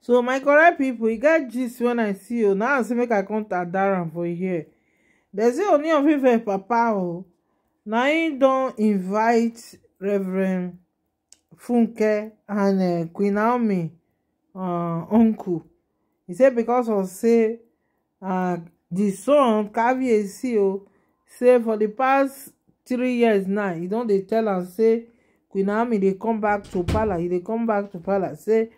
so my correct people, e get gist when i see you. now i say make i contact daram for here dem say only of ife papa Oh, now im don't invite reverend funke and uh, queen naomi uh, uncle He said because of say uh, di son caviarcy o say for the past three years now he don't dey tell am say queen naomi dey come back to palace e come back to palace say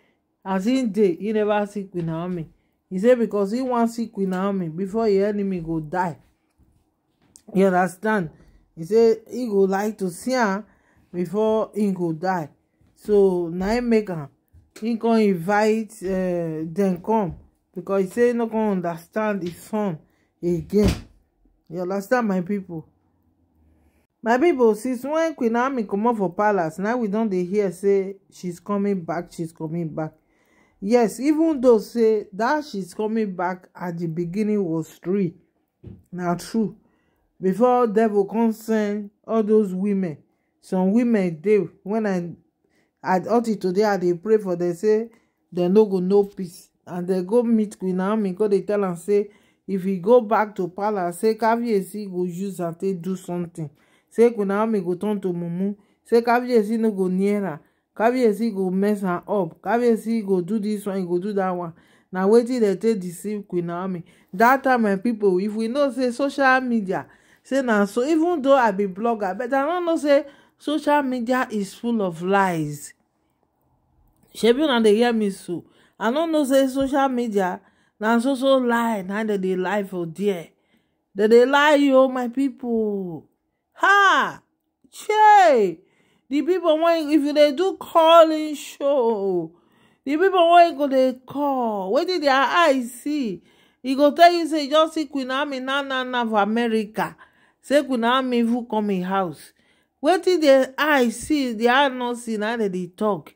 as in dey he never see queen naomi He say because he wan see queen naomi before e enemy go die you understand He say he go like to see am before e go die so na im make am He con invite eh, dem come because he say e no con understand his son again you understand my people? my people since when queen naomi comot for palace now we don dey hear say she's coming back she's coming back yes even though say that she's coming back at the beginning was three na true before devil concern all those women some women they when i at until today i dey pray for they say they no go no peace and they go meet queen naomi go they tell and say if e go back to palace say caviarcy go use am take do something say queen naomi go turn to mumu say caviarcy no go near her kabiyesi go mess her up kabiyesi go do this one go do that one na wetin dem take deceive queen naomi That time my people, if we know say social media say na so even though i be blogger but i no know say social media is full of lies shebi una dey hear me so i no know say social media na so so lie na dem dey lie for there dem dey lie you oh, my people. ha chey The people when if they do calling show the people when go they call did their eyes see He go tell you say you just see queen army na na na for america say queen army who come in house did their eyes see their eye no see now that they talk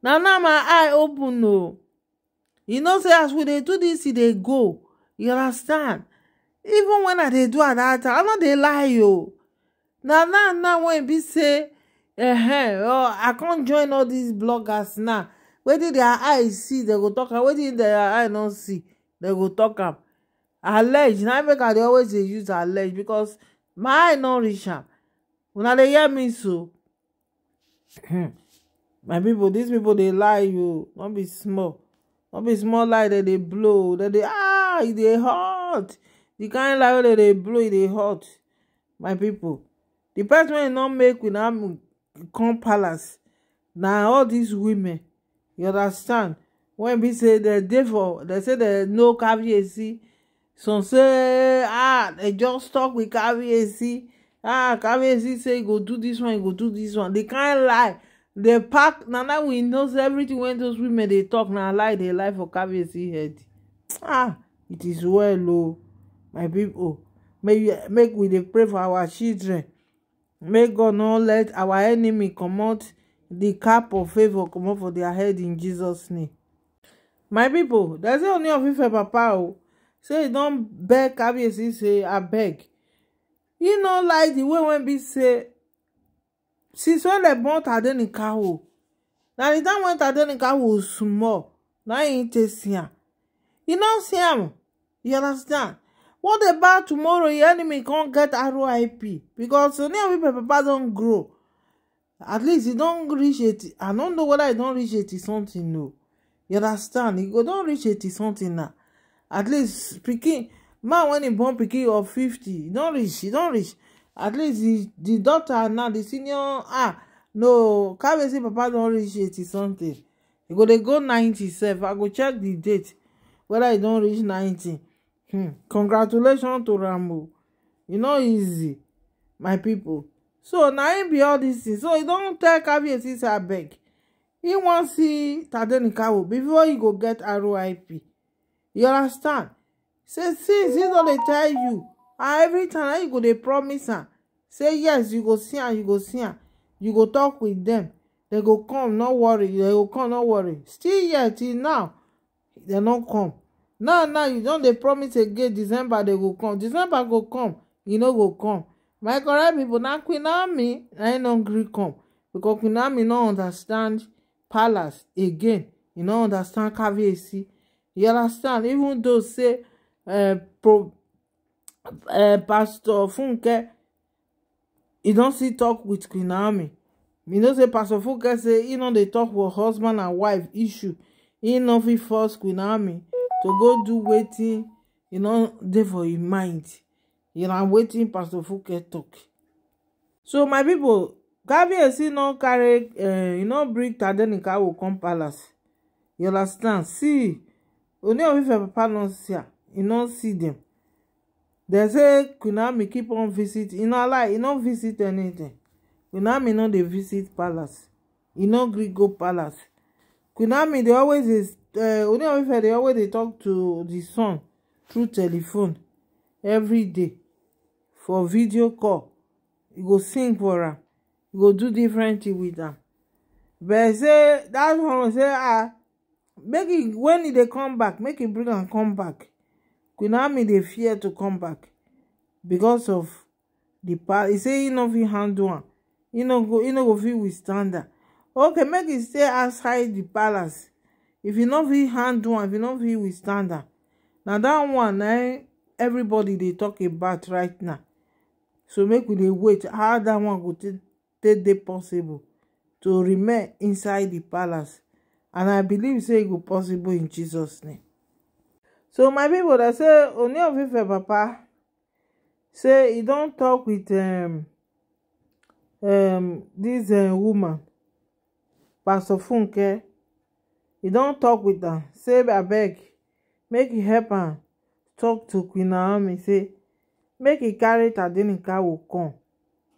Now now my eye open o oh. you know say as we they do this, they e go you understand even when i they do at dat time i know they lie o oh. Now now now when e be say -huh. oh, i can't join all these bloggers now wetin their eyes see they go talk am wetin their eyes not see they go talk up. allege Now make they always they use allege because my eye not reach up. When they hear me so hmm. my people, these people they lie you oh. don't be small don't be small lie that they blow that they ah they dey ah, e hot di kind lie wey dem dey blow they dey hot my people, the person wey e not make make una come palace na all these women you understand When be say the devil, they say the no caviarcy some say ah they just talk with caviarcy ah caviarcy say go do this one go do this one They can't lie They pack na now we know everything When those women they talk now lie they lie for caviarcy head ah it is well o oh, my pipo make we dey pray for our children May god not let our enemy comot the cap of favour comot for their head in jesus name my people, there's say only of for papa o say e don beg kabiyesi say beg. You know, like the way when we say since wen dem born tadenika o na di time wen tadenika was small Now im take see am e no see you understand what about tomorrow your enemy can't get RIP because Sunny people, papa don grow at least e don reach 80 i no know whether e don reach 80 something no you understand e go don reach 80 something na at least pikin man wen he born pikin of fifty, e don reach e don reach at least the the daughter now the senior ah no carry say papa don reach 80 something e go dey go ninety sef i go check the date whether e don reach ninety hmm. congratulations to rambo you know easy my people. so now him be all this thing so he don't tell caviarcy say abeg he wan see tadenikawo before he go get roip you understand say since he don't tell you and time na you go they promise am say yes you go see am you go see am you go talk with them. They go come no worry they go come no worry still yet till now they no come now now you don dey promise again december dey go come december go come e no go come my correct pipo na queen naomi na im no gree come because queen naomi no understand palace again e no understand caviarcy you understand even though say eh, pro eh, pastor funke e don still talk with queen naomi you know say pastor funke say e no dey talk for husband and wife issue e no fit force queen naomi to go do waiting, you know dey for your mind You know na wetin pastor funke talk so my people, pipo kabiyesi no carry e no bring will come palace you understand see oni of ife papa no see am e see them. They say queen naomi keep on visit You know like you no visit anything queen naomi no dey visit palace You know gree go palace queen naomi dey always is uh, Ooni of Ife dey always dey talk to the son through telephone every day for video call e go sing for am e go do different thing with am but say that one say ah make e when e dey come back make e bring am come back Queen Naomi dey fear to come back because of the past He say he no fit handle am He no go He no go fit withstand am okay make e stay outside the palace if you no fit handle am if you no fit withstand am na that one na everybody dey talk about right now so make we dey wait how that one go take dey possible to remain inside the palace and i believe say e go possible in jesus name so my pipo dat say oni of ife papa say e don talk with um, um, dis um, woman pastor funke e don't talk with am say I beg, make e help am tok to queen naomi say make e carry tadenikawo come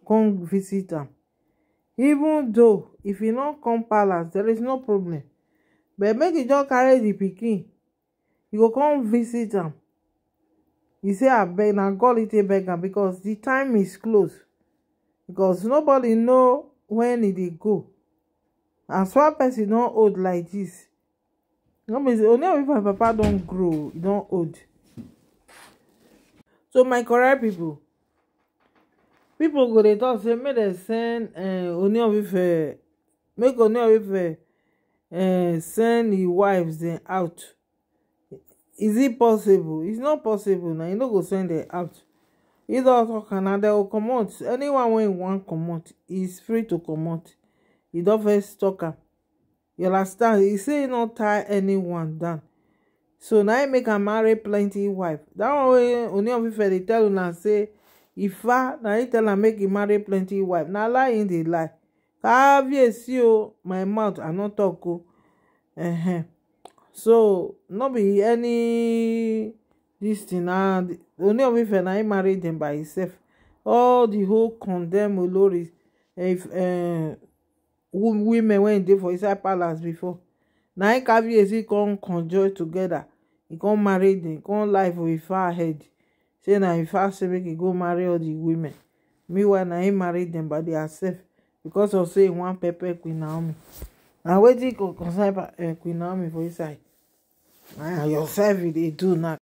come visit am even though if e don't come palace there is no problem but make e just carry the pikin e go come visit am e say I beg god e take beg am becos di time is close becos nobody know when e dey go as one pesin don old like this no mean say ooni of ife papa don grow e don old so my correct people, people go dey tok say make dem send ooni eh, of ife eh, make ooni of ife eh, send im wives dem out is it possible it's not possible na you no go send dem out e don talk and na dem go comot anyone wey wan comot is free to comot e don first tok am you understand he say e no tie anyone down so now im make am marry plenty wife That one wey oni of ife tell you now say ifa na im tell am make him marry plenty wife na lie im dey lie kábíyèsí o oh, my mouth i not talk o uh-huh. so no be any this thing na oni of ife na im marry dem by himself all the whole condemn olori if uh, women wey dey for inside palace before na im kabiyesi come conjure together He come marry dem come lie with ifa head say na ifa say make he go marry all the women meanwhile na im marry dem by theirself because of say e wan pepper queen naomi na wetin go concern eh, queen naomi for inside na yourself you dey do now